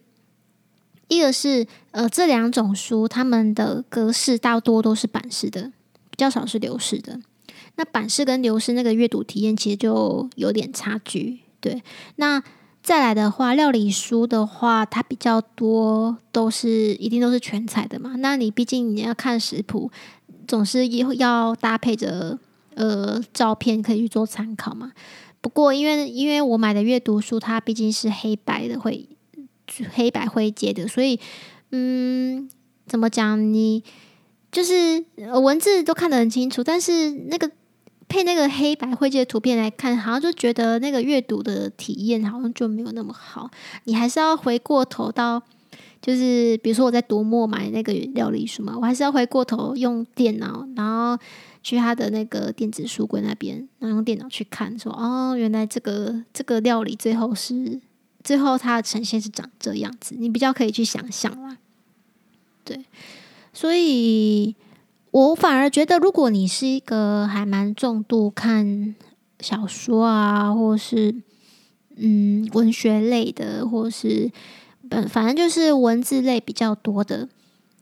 一個是呃這兩種書，他們的格式大多都是版式的，比較少是流式的。那版式跟流式那個閱讀體驗其實就有點差距。對，那再來的話，料理書的話，它比較多都是一定都是全彩的嘛。那你畢竟你要看食譜，總是要搭配着呃照片可以去做參考嘛。不過因為因為我買的閱讀器，它畢竟是黑白的，會。黑白灰階的，所以，嗯，怎麼講？你就是文字都看得很清楚，但是那個配那個黑白灰階的圖片來看，好像就覺得那個閱讀的體驗好像就沒有那麼好。你還是要回過頭到，就是比如說我在讀墨買那個料理書嘛，我還是要回過頭用電腦，然後去他的那個電子書櫃那邊，然後用電腦去看，說哦，原來這個這個料理最後是。最後，它的呈現是長這樣子，你比較可以去想象啦。對，所以我反而覺得，如果你是一個還蠻重度看小說啊，或是嗯文學類的，或是本反正就是文字類比較多的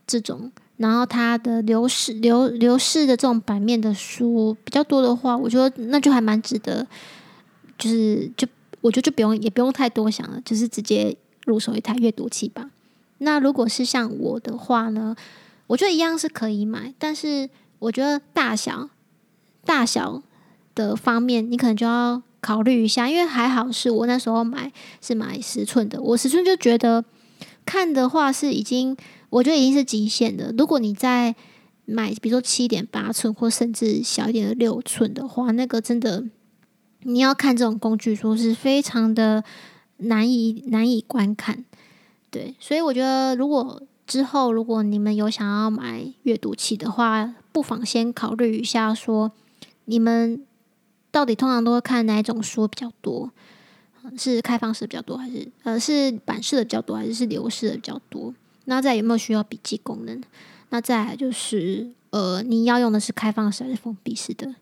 這種，然後它的流式、流流式的這種版面的書比較多的話，我覺得那就還蠻值得，就是就。我覺得就不用，也不用太多想了，就是直接入手一台閱讀器吧。那如果是像我的話呢，我覺得一樣是可以買，但是我覺得大小、大小的方面，你可能就要考慮一下，因為還好是我那時候買是買十寸的，我十寸就覺得看的話是已經，我覺得已經是極限的。如果你再買，比如說七點八寸或甚至小一點的六寸的話，那個真的。你要看這種工具書是非常的難以難以觀看，對，所以我覺得如果之後如果你們有想要買閱讀器的話，不妨先考慮一下，說你們到底通常都會看哪一種書比較多？是開放式的比較多，還是呃是版式的比較多，還是是流式的比較多？那再有沒有需要筆記功能？那再來就是呃你要用的是開放式還是封閉式的？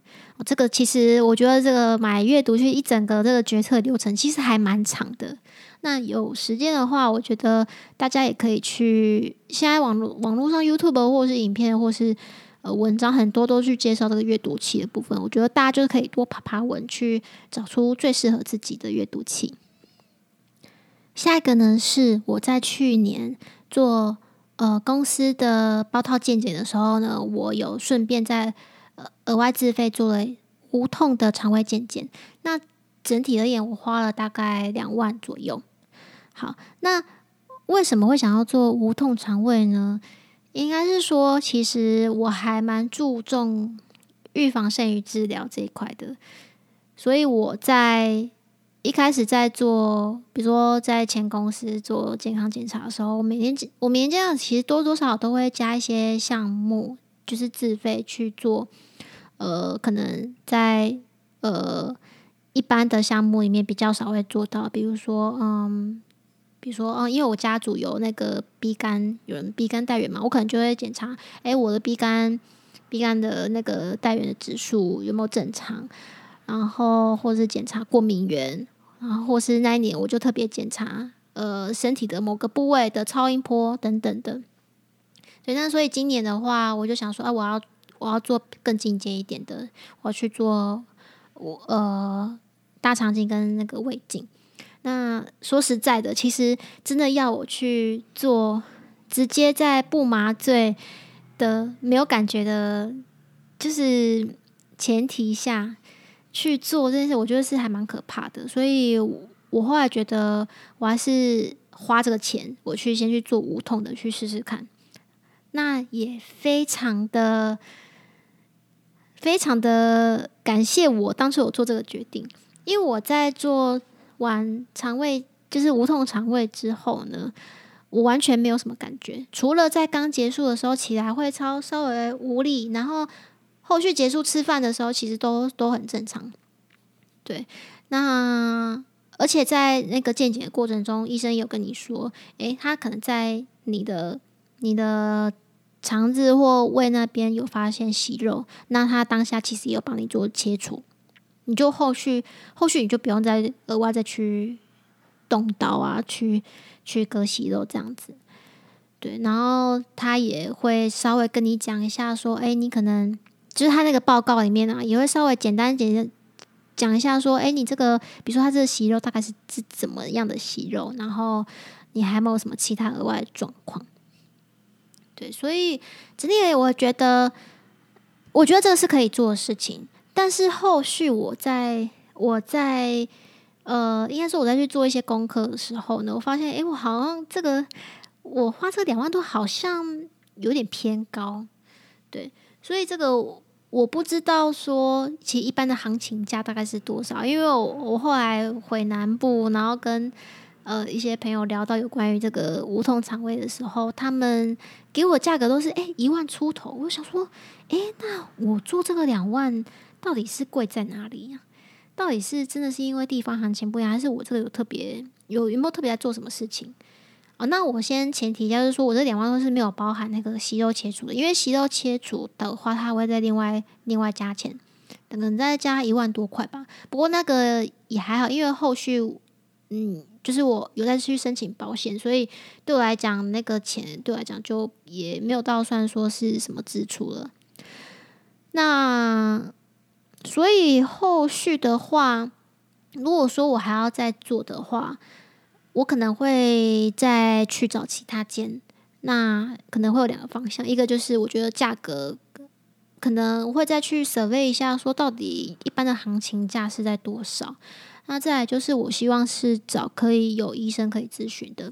這個其實，我覺得這個買閱讀器一整個這個決策流程其實還蠻長的。那有時間的話，我覺得大家也可以去現在網網絡上 YouTube 或者是影片，或是呃文章很多都去介紹這個閱讀器的部分。我覺得大家就可以多爬爬文，去找出最適合自己的閱讀器。下一個呢，是我在去年做呃公司的包套健檢的時候呢，我有順便在。額額外自費做了無痛的腸胃健檢，那整體而言，我花了大概兩萬左右。好，那為什麼會想要做無痛腸胃呢？應該是說，其實我還蠻注重預防勝於治療這一塊的。所以我在一開始在做，比如說在前公司做健康檢查的時候，我每年我每年這樣，其實多多少少都會加一些項目，就是自費去做。呃，可能在呃一般的項目裡面比較少會做到，比如說嗯，比如說嗯，因為我家族有那個 B 肝，有人 B 肝帶原嘛，我可能就會檢查，哎、欸，我的 B 肝 B 肝的那個帶原的指數有沒有正常，然後或者是檢查過敏原，然後或是那一年我就特別檢查呃身體的某個部位的超音波等等的，對，那所以今年的話，我就想說啊，我要。我要做更進階一點的，我要去做我呃大腸鏡跟那個胃鏡。那說實在的，其實真的要我去做，直接在不麻醉的、沒有感覺的，就是前提下去做這件事，我覺得是還蠻可怕的。所以我我後來覺得，我還是花這個錢，我去先去做無痛的，去試試看。那也非常的。非常的感謝我當初我做這個決定，因為我在做完腸胃，就是無痛腸胃之後呢，我完全沒有什麼感覺，除了在剛結束的時候起來會超稍微無力，然後後續結束吃飯的時候其實都都很正常。對，那而且在那個健檢的過程中，醫生有跟你說，誒、欸，他可能在你的你的。腸子或胃那邊有發現息肉，那他當下其實也有幫你做切除，你就後續後續你就不用再額外再去動刀啊，去去割息肉這樣子。對，然後他也會稍微跟你講一下，說，欸，你可能就是他那個報告裡面啊，也會稍微簡單簡講一下，說，欸，你這個比如說他這個息肉大概是，是怎麼樣的息肉，然後你還沒有什麼其他額外的狀況。對，所以，子念，我覺得，我覺得這個是可以做的事情。但是後續我在我在呃，應該是我在去做一些功課的時候呢，我發現，哎，我好像這個我花這兩萬多，好像有點偏高。對，所以這個我不知道說，其實一般的行情價大概是多少？因為我我後來回南部，然後跟。呃，一些朋友聊到有關於這個無痛腸胃的時候，他們給我價格都是誒一萬出頭。我想說，誒，那我做這個兩萬到底是貴在哪裡呀？到底是真的是因為地方行情不一樣，還是我這個有特別有有沒有特別在做什麼事情？哦，那我先前提一下，就是說我這兩萬都是沒有包含那個息肉切除的，因為息肉切除的話，它會再另外另外加錢，可能再加一萬多塊吧。不過那個也還好，因為後續嗯。就是我有在去申請保險，所以對我來講，那個錢對我來講就也沒有到算說是什麼支出了。那所以後續的話，如果說我還要再做的話，我可能會再去找其他間。那可能會有兩個方向，一個就是我覺得價格可能我會再去 survey 一下，說到底一般的行情價是在多少？那再來就是，我希望是找可以有醫生可以諮詢的，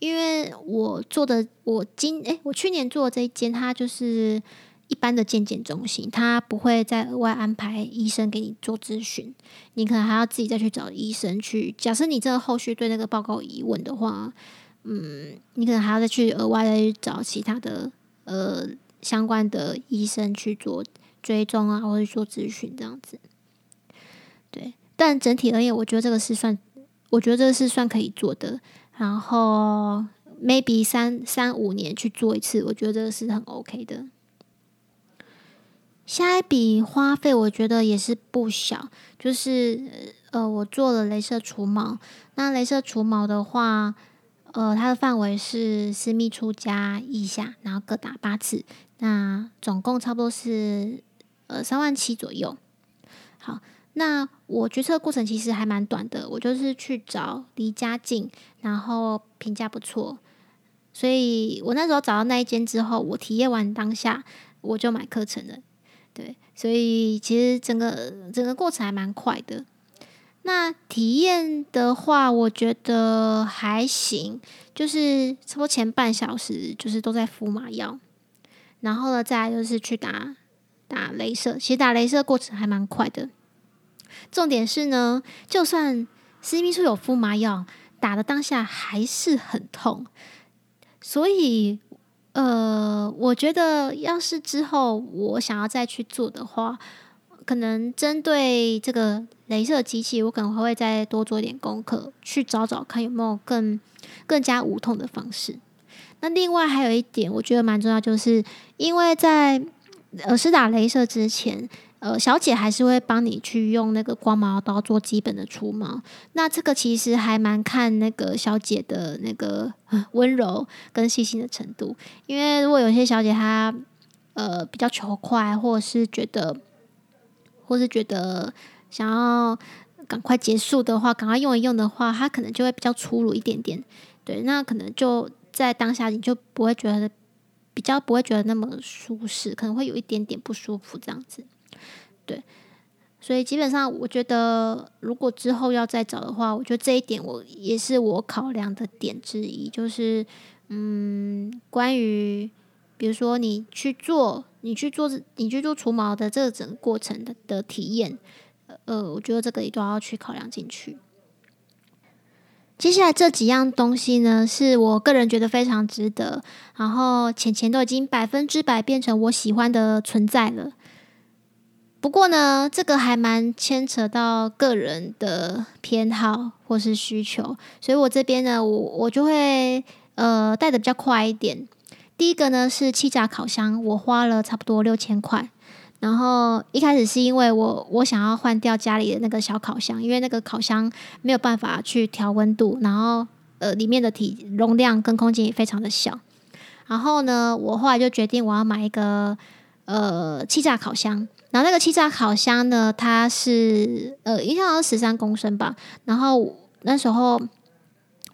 因為我做的我今誒、欸、我去年做的這一間，他就是一般的健檢中心，他不會再額外安排醫生給你做諮詢，你可能還要自己再去找醫生去。假設你這個後續對那個報告疑問的話，嗯，你可能還要再去額外再去找其他的呃相關的醫生去做追蹤啊，或者是做諮詢這樣子，對。但整體而言，我覺得這個是算，我覺得這個是算可以做的。然後 maybe 三三五年去做一次，我覺得這個是很 OK 的。下一筆花費我覺得也是不小，就是呃，我做了鐳射除毛。那鐳射除毛的話，呃，它的範圍是私密處加腋下，然後各打八次，那總共差不多是呃三萬七左右。好。那我決策過程其實還蠻短的，我就是去找離家近，然後評價不錯，所以我那時候找到那一間之後，我體驗完當下我就買課程了。對，所以其實整個整個過程還蠻快的。那體驗的話，我覺得還行，就是差不多前半小時就是都在敷麻藥，然後呢，再就是去打打雷射，其實打雷射過程還蠻快的。重點是呢，就算私密處有敷麻藥，打的當下還是很痛。所以，呃，我覺得要是之後我想要再去做的話，可能針對這個雷射機器，我可能會再多做點功課，去找找看有沒有更更加無痛的方式。那另外還有一點，我覺得蠻重要，就是因為在呃施打雷射之前，呃，小姐還是會幫你去用那個刮毛刀做基本的除毛。那這個其實還蠻看那個小姐的那個溫柔跟細心的程度。因為如果有些小姐她呃比較求快，或者是覺得，或是覺得想要趕快結束的話，趕快用一用的話，她可能就會比較粗魯一點點。對，那可能就在當下你就不會覺得，比較不會覺得那麼舒適，可能會有一點點不舒服這樣子。對，所以基本上，我覺得如果之後要再找的話，我覺得這一點我也是我考量的點之一，就是嗯，關於比如說你去做，你去做，你去做除毛的這整個過程的的體驗，呃，我覺得這個也都要去考量進去。接下來這幾樣東西呢，是我個人覺得非常值得，然後錢錢都已經百分之百變成我喜歡的存在了。不過呢，這個還蠻牽扯到個人的偏好或是需求，所以我這邊呢，我我就會呃帶的比較快一點。第一個呢是氣炸烤箱，我花了差不多六千塊。然後一開始是因為我我想要換掉家裡的那個小烤箱，因為那個烤箱沒有辦法去調溫度，然後呃裡面的體容量跟空間也非常的小。然後呢，我後來就決定我要買一個呃氣炸烤箱。然後那個氣炸烤箱呢，它是呃，應該好像十三公升吧。然後那時候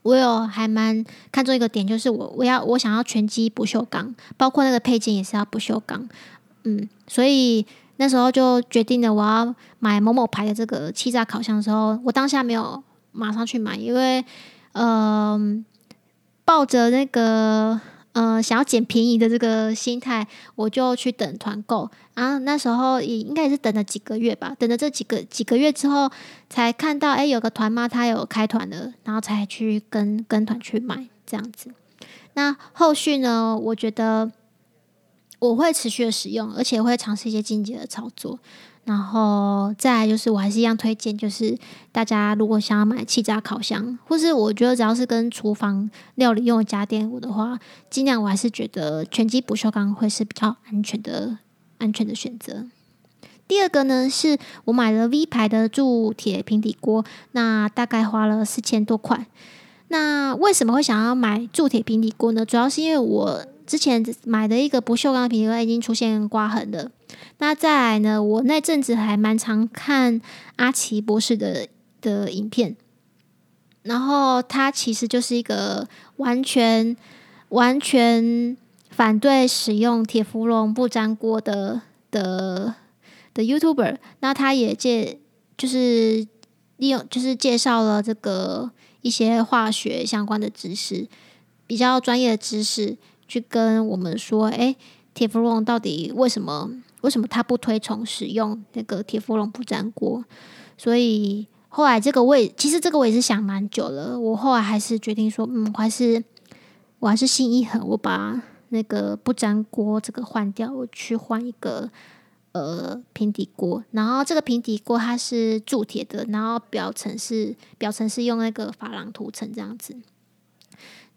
我有還蠻看重一個點，就是我我要我想要全機不鏽鋼，包括那個配件也是要不鏽鋼。嗯，所以那時候就決定了我要買某某牌的這個氣炸烤箱的時候，我當下沒有馬上去買，因為嗯、呃，抱着那個。呃，想要撿便宜的這個心態，我就去等團購啊。然後那時候也應該也是等了幾個月吧，等了這幾個幾個月之後，才看到哎，有個團媽她有開團的，然後才去跟跟團去買這樣子。那後續呢，我覺得我會持續的使用，而且會嘗試一些進階的操作。然後再來就是，我還是一樣推薦，就是大家如果想要買氣炸烤箱，或是我覺得只要是跟廚房料理用的家電，我的話，盡量我還是覺得全基不鏽鋼會是比較安全的安全的選擇。第二個呢，是我買了 V 牌的鑄鐵平底鍋，那大概花了四千多塊。那為什麼會想要買鑄鐵平底鍋呢？主要是因為我。之前買的一個不鏽鋼平底鍋已經出現刮痕了。那再來呢？我那陣子還蠻常看阿奇博士的的影片，然後他其實就是一個完全完全反對使用鐵氟龍不粘鍋的的的 YouTuber。那他也介就是利用就是介紹了這個一些化學相關的知識，比較專業的知識。去跟我們說，哎、欸，鐵氟龍到底為什麼？為什麼他不推崇使用那個鐵氟龍不粘鍋？所以後來這個我也其實這個我也是想蠻久了，我後來還是決定說，嗯，我還是我還是心一狠，我把那個不粘鍋這個換掉，我去換一個呃平底鍋。然後這個平底鍋它是鑄鐵的，然後表層是表層是用那個珐琅塗層這樣子。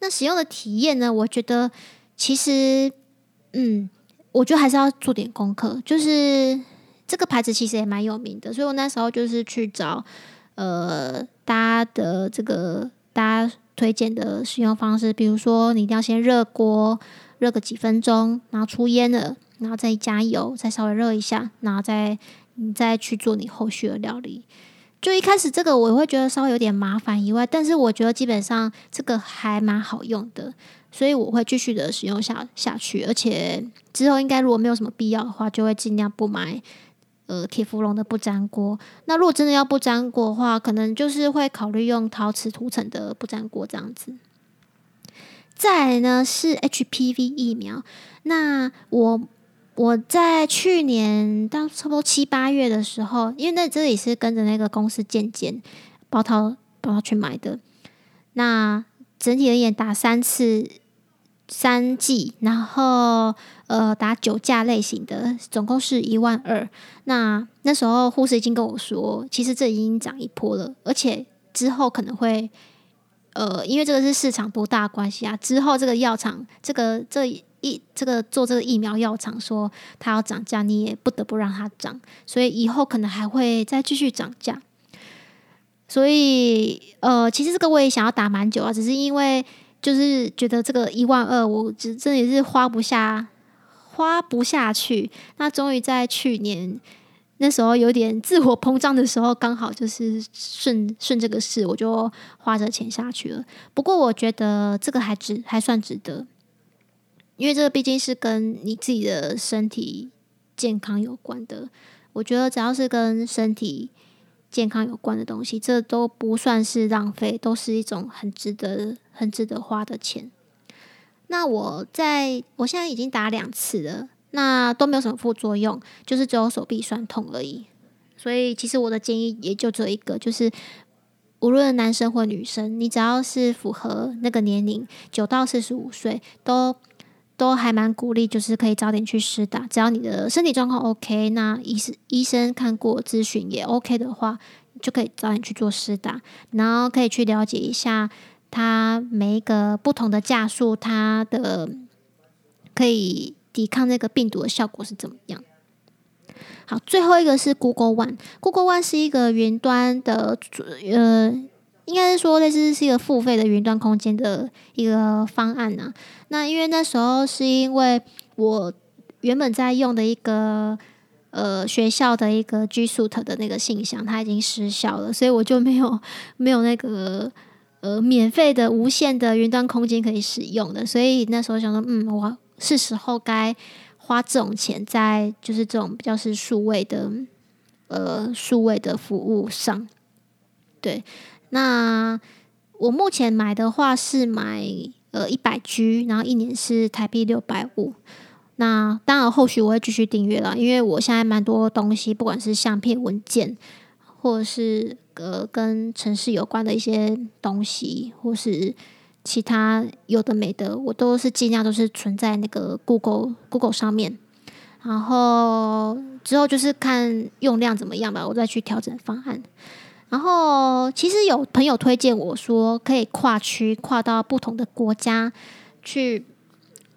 那使用的體驗呢？我覺得。其實，嗯，我覺得還是要做點功課，就是這個牌子其實也蠻有名的，所以我那時候就是去找，呃，大家的這個大家推薦的使用方式，比如說你一定要先熱鍋，熱個幾分鐘，然後出煙了，然後再加油，再稍微熱一下，然後再你再去做你後續的料理。就一開始這個我會覺得稍微有點麻煩以外，但是我覺得基本上這個還蠻好用的，所以我會繼續的使用下下去。而且之後應該如果沒有什麼必要的話，就會盡量不買呃鐵氟龍的不粘鍋。那如果真的要不粘鍋的話，可能就是會考慮用陶瓷塗層的不粘鍋這樣子。再來呢是 HPV 疫苗，那我。我在去年到差不多七八月的時候，因為那這裡是跟着那個公司健檢，包套包套去買的。那整體而言打三次三劑，然後呃打九價類型的，總共是一萬二。那那時候護士已經跟我說，其實這已經漲一波了，而且之後可能會呃，因為這個是市場多大關係啊？之後這個藥廠這個這。一這個做這個疫苗藥廠說它要漲價，你也不得不讓它漲，所以以後可能還會再繼續漲價。所以呃，其實這個我也想要打蠻久啊，只是因為就是覺得這個一萬二，我只真的也是花不下，花不下去。那終於在去年那時候有點自我膨脹的時候，剛好就是順順這個事，我就花着錢下去了。不過我覺得這個還值，還算值得。因為這畢竟是跟你自己的身體健康有關的，我覺得只要是跟身體健康有關的東西，這都不算是浪費，都是一種很值得、很值得花的錢。那我在我現在已經打兩次了，那都沒有什麼副作用，就是只有手臂酸痛而已。所以其實我的建議也就只有一個，就是無論男生或女生，你只要是符合那個年齡，九到四十五歲都。都還蠻鼓勵，就是可以早點去施打。只要你的身體狀況 OK，那醫醫生看過諮詢也 OK 的話，就可以早點去做施打，然後可以去了解一下它每一個不同的價數，它的可以抵抗那個病毒的效果是怎麼樣。好，最後一個是 Google One，Google One 是一個雲端的呃。應該是說，類似是一個付費的雲端空間的一個方案呢、啊。那因為那時候是因為我原本在用的一個呃學校的一個 G Suite 的那個信箱，它已經失效了，所以我就沒有沒有那個呃免費的無限的雲端空間可以使用的。所以那時候想說，嗯，我是時候該花這種錢在就是這種比較是數位的呃數位的服務上，對。那我目前買的話是買呃一百 G，然後一年是台幣六百五。那當然後續我會繼續訂閱了，因為我現在蠻多東西，不管是相片、文件，或者是呃跟城市有關的一些東西，或是其他有的沒的，我都是盡量都是存在那個 Google Google 上面。然後之後就是看用量怎麼樣吧，我再去調整方案。然後其實有朋友推薦我說，可以跨區跨到不同的國家去，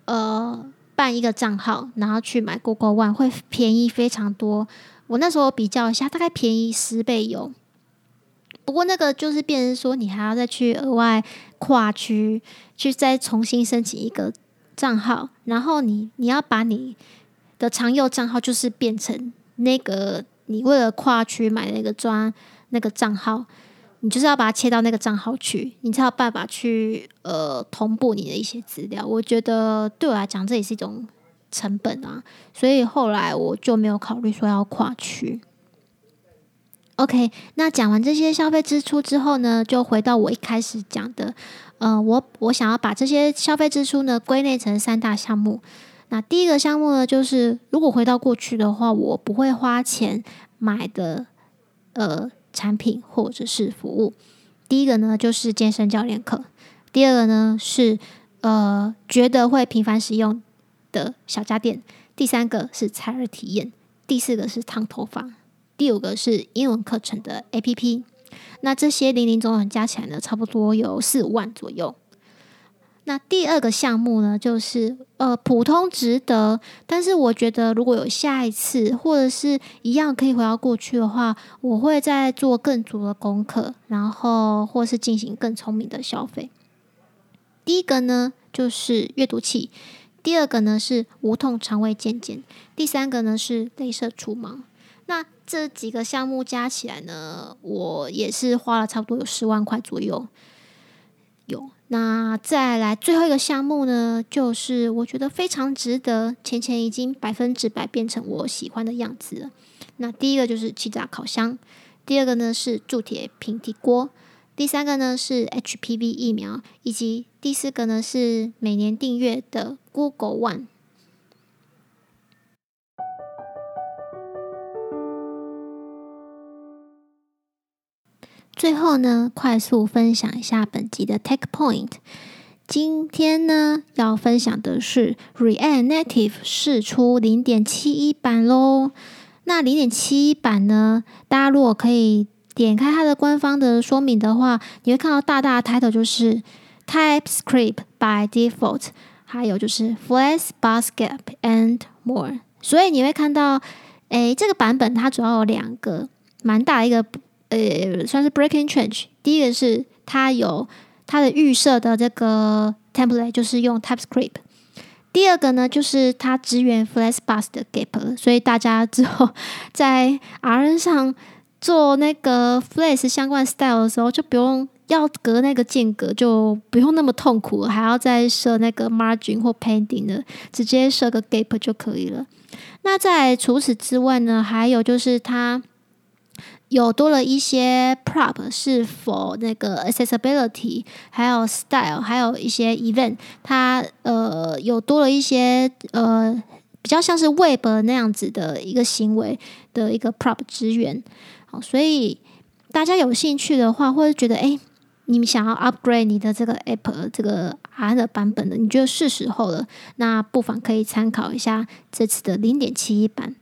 呃，辦一個賬號，然後去買 Google One 會便宜非常多。我那時候比較一下，大概便宜十倍有。不過那個就是變成說你還要再去額外跨區去再重新申請一個賬號，然後你你要把你的常用賬號就是變成那個你為了跨區買那個專。那個賬號，你就是要把它切到那個賬號去，你才有辦法去呃同步你的一些資料。我覺得對我來講這也是一種成本啊，所以後來我就沒有考慮說要跨區。OK，那講完這些消費支出之後呢，就回到我一開始講的，呃，我我想要把這些消費支出呢歸類成三大項目。那第一個項目呢，就是如果回到過去的話，我不會花錢買的，呃。產品或者是服務，第一個呢就是健身教練課，第二個呢是呃覺得會頻繁使用的小家電，第三個是採耳體驗，第四個是燙頭髮，第五個是英文課程的 APP，那這些零零總總加起來呢，差不多有四五萬左右。那第二個項目呢，就是呃普通值得，但是我覺得如果有下一次或者是一樣可以回到過去的話，我會再做更足的功課，然後或是進行更聰明的消費。第一個呢就是閱讀器，第二個呢是無痛腸胃健檢，第三個呢是雷射除毛。那這幾個項目加起來呢，我也是花了差不多有十萬塊左右，有。那再來最後一個項目呢，就是我覺得非常值得。錢錢已經百分之百變成我喜歡的樣子了。那第一個就是氣炸烤箱，第二個呢是鑄鐵平底鍋，第三個呢是 HPV 疫苗，以及第四個呢是每年訂閱的 Google One。最後呢，快速分享一下本集的 tech point。今天呢，要分享的是 React Native 釋出零點七一版咯。那零點七一版呢，大家如果可以點開它的官方的說明的話，你會看到大大的 title 就是 TypeScript by default，還有就是 Flexbox gap and more。所以你會看到誒，這個版本它主要有兩個蠻大一個。呃，算是 breaking change。第一個是它有它的預設的這個 template，就是用 TypeScript。第二個呢，就是它支援 Flexbox gap，所以大家之後在 RN 上做那個 Flex 相關 style 的時候，就不用要隔那個間隔，就不用那麼痛苦，還要再設那個 margin 或 padding 的，直接設個 gap 就可以了。那在除此之外呢，還有就是它，有多了一些 prop 是否那個 accessibility 還有 style 還有一些 event 它，呃有多了一些呃比較像是 web 那樣子的一個行為的一個 prop 資源，好，所以大家有興趣的話，或者覺得誒、欸，你們想要 upgrade 你的這個 app 這個 R 的版本的，你覺得是時候了，那不妨可以參考一下這次的零點七一版。